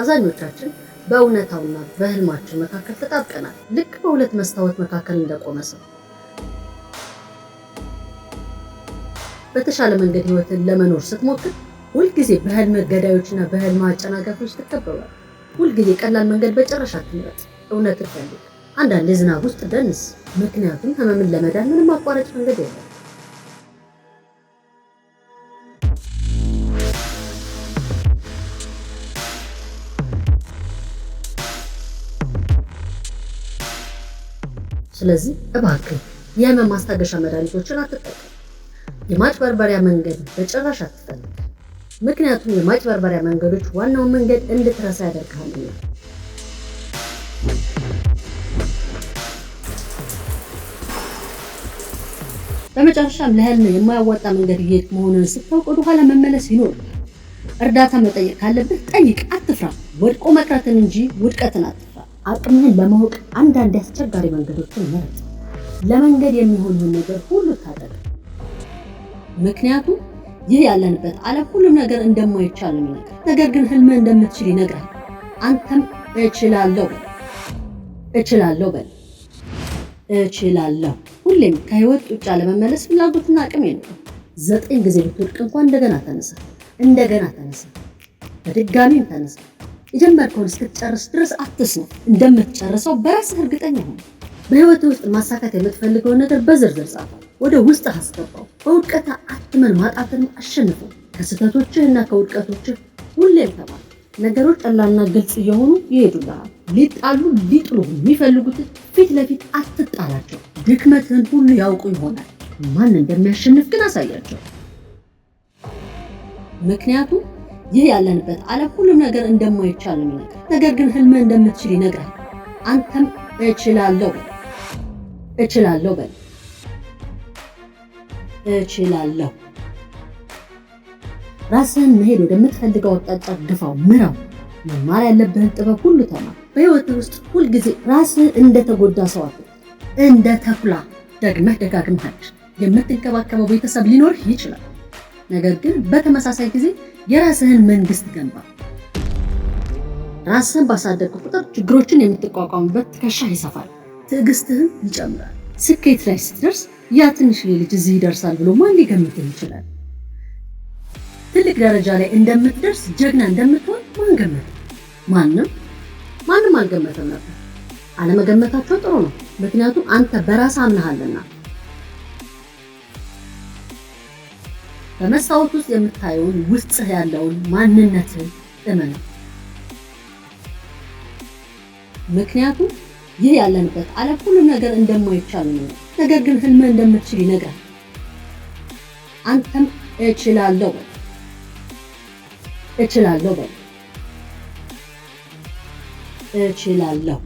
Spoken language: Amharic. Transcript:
አብዛኞቻችን በእውነታውና በህልማችን መካከል ተጣብቀናል። ልክ በሁለት መስታወት መካከል እንደቆመ ሰው በተሻለ መንገድ ህይወትን ለመኖር ስትሞክር ሁልጊዜ በህልም ገዳዮችና በህልም አጨናጋፊዎች ትከበባል። ሁልጊዜ ቀላል መንገድ በጨረሻ ትምረጥ። እውነት ፈልግ፣ አንዳንድ የዝናብ ውስጥ ደንስ። ምክንያቱም ህመምን ለመዳን ምንም አቋራጭ መንገድ የለም። ስለዚህ እባክህ የህመም ማስታገሻ መድኃኒቶችን አትጠቀም። የማጭበርበሪያ መንገድ በጭራሽ አትፈልግ። ምክንያቱም የማጭበርበሪያ መንገዶች ዋናውን መንገድ እንድትረሳ ያደርግሃልና። በመጨረሻም ለህልም የማያዋጣ መንገድ እየሄድክ መሆኑን ስታውቅ ወደኋላ መመለስ ይኖርብሃል። እርዳታ መጠየቅ ካለብህ ጠይቅ፣ አትፍራ። ወድቆ መቅረትን እንጂ ውድቀትን አት አቅምህን ለማወቅ አንዳንድ አስቸጋሪ መንገዶችን መረጥ። ለመንገድ የሚሆንህን ነገር ሁሉ ታጠቅ። ምክንያቱም ይህ ያለንበት ዓለም ሁሉም ነገር እንደማይቻል ይነግራል። ነገር ግን ህልም እንደምትችል ይነግራል። አንተም እችላለሁ እችላለሁ በል እችላለሁ። ሁሌም ከህይወት ውጭ ለመመለስ ፍላጎትና አቅም የለም። ዘጠኝ ጊዜ ብትወድቅ እንኳን እንደገና ተነሳ፣ እንደገና ተነሳ፣ በድጋሚም ተነሳ። የጀመርከውን እስክትጨርስ ድረስ አትስነ እንደምትጨርሰው በራስህ እርግጠኛ ሆነ። በህይወት ውስጥ ማሳካት የምትፈልገውን ነገር በዝርዝር ጻፈው፣ ወደ ውስጥ አስገባው። በውድቀት አትመን ማጣትን አሸንፈው። ከስህተቶችህ እና ከውድቀቶችህ ሁሌም ተማር። ነገሮች ጠላና ግልጽ እየሆኑ ይሄዱልሃል። ሊጣሉ ሊጥሉ የሚፈልጉት ፊት ለፊት አትጣላቸው። ድክመትህን ሁሉ ያውቁ ይሆናል። ማን እንደሚያሸንፍ ግን አሳያቸው። ምክንያቱም ይህ ያለንበት ዓለም ሁሉም ነገር እንደማይቻል ነገር ነገር ግን ህልመ እንደምትችል ይነግራል። አንተም እችላለሁ እችላለሁ በል እችላለሁ። ራስህን መሄድ ወደምትፈልገው አቅጣጫ ድፋው፣ ምራው። መማር ያለብህን ጥበብ ሁሉ ተማር። በህይወት ውስጥ ሁልጊዜ ራስህን እንደተጎዳ ሰው እንደ ተኩላ ደግመህ ደጋግመህ የምትንከባከበው ቤተሰብ ሊኖርህ ይችላል። ነገር ግን በተመሳሳይ ጊዜ የራስህን መንግስት ገንባ። ራስህን ባሳደግ ቁጥር ችግሮችን የምትቋቋምበት ትከሻ ይሰፋል፣ ትዕግስትህም ይጨምራል። ስኬት ላይ ስትደርስ ያ ትንሽ ልጅ እዚህ ይደርሳል ብሎ ማን ሊገምትህ ይችላል? ትልቅ ደረጃ ላይ እንደምትደርስ ጀግና እንደምትሆን ማን ገመተ? ማንም ማንም አልገመተም ነበር። አለመገመታቸው ጥሩ ነው፣ ምክንያቱም አንተ በራስህ አምነሃልና። በመስታወት ውስጥ የምታየውን ውስጥህ ያለውን ማንነትን እመን። ምክንያቱም ይህ ያለንበት ዓለም ሁሉም ነገር እንደማይቻል ነው። ነገር ግን ህልምህ እንደምትችል ይነግራል። አንተም እችላለሁ በል እችላለሁ በል እችላለሁ